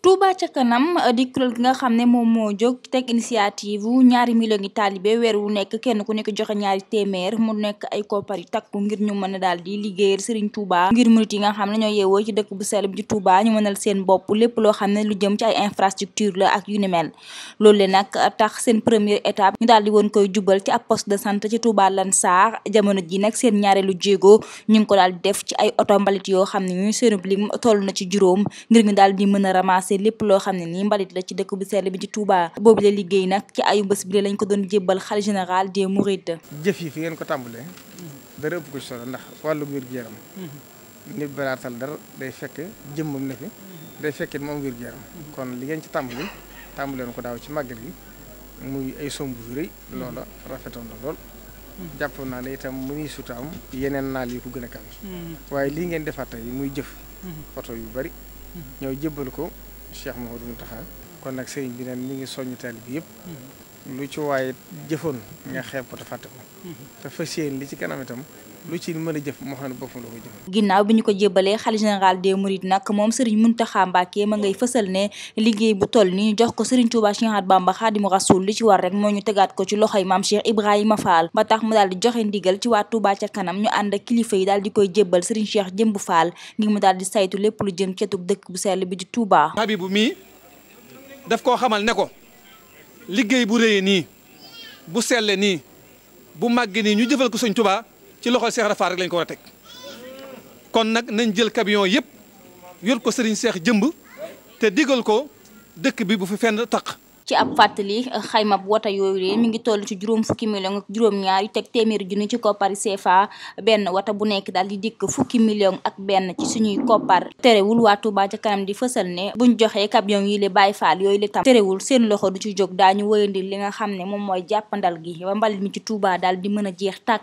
Touba ca kanam uh, di kuréel gi nga xam ne moom moo jóg teg initiative ñaari millions yi taalibe weer wu nekk kenn ku nekk joxe ñaari téeméer mu nekk ay koppar yu takku ngir ñu mën a daal di liggéeyal Serigne Touba ngir murit yi nga xam ne ñoo yeewoo ci dëkk bu sell bi ci Touba ñu seen bopp lépp loo xam ne lu jëm ci ay infrastructure la ak yu ni mel loolu le uh, tax seen première étape ñu daal di woon koy jubal ci ab poste de santé ci Touba Lansar jamono ji nag seen ñaareelu jéego ñu ngi ko daal di def ci ay oto mbalit yoo xam ne ñu seen lim toll na ci juróom ngir ñu daal di mën a ramasser ramasser lépp loo xam ne nii mbalit la ci dëkk bu sell bi ci Touba boobu la liggéey nag ci ayu bés bi ko doon jébbal xalifa général des mourides jëf yi fi ngeen ko tàmbalee dara ëpp ko ci solo ndax wàllu wér-gu-yaram nit baraatal dara day fekk jëmmam na fi day fekk it moom wér-gu-yaram kon li ngeen ci tàmbali tàmbaleen ko daaw ci màggal gi muy ay somb yu rëy loola rafetoon na lool jàpp naa ne itam mu ngi sutaam yeneen naal yi ko gën a kawe hmm. waaye lii ngeen defaat tey muy jëf photo hmm. yu bari hmm. ñëw jébbal ko Cheikh Mouhamadou Mountakha kon nag sëriñ bi nag mi ngi soññ taalibe bi yëpp lu ci waaye jëfoon nga xeeb ko te fàtte ko te fas li ci kanam itam lu ci mën a jëf moo xam ne boppam la ko jëf ginnaaw bi ñu ko jébalee xalifa général des mourides nag moom Serigne Mountakha Mbacké a ngay fësal ne liggéey bu toll ni jox ko Serigne Touba Cheikh Ahmadou Bamba Khadimu Rasoul li ci war rek moo ñu tegaat ko ci loxoy maam Cheikh Ibrahima faal ba tax mu daal di joxe ndigal ci waa Touba ca kanam ñu ànd ak kilifa yi daal di koy jébbal Serigne Cheikh Jëmbu Fall ngir mu daal di saytu lépp lu jëm dëkk bu sell bi di Touba Habibu mii daf koo xamal ne ko liggéey bu réyee nii bu selle nii bu màgg nii ñu jëfal ko sëñ Tuubaa ci loxol Seex Rafaa rek lañ ko war teg kon nag nañ jël camion yëpp yor ko sëriñ Seex jëmb te digal ko dëkk bi bu fi fenn taq ci ab fàttali eh, xayma bu wota yooyu lee mi ngi toll ci juróom fukki million ak juróom-ñaar yu teg téeméeri ni ci koppar CFA benn wata bu nekk daal di dikk fukki million ak benn ci suñuy koppar terewul waa Touba ca kanam di fësal ne buñ joxee camion yi le Baye faal yooyu le tam terewul seen loxo du ci jóg daañu wëyandi li nga xam ne moom mooy jàppandal gi ba mbalit mi ci Touba daal di mën a jeex tàkk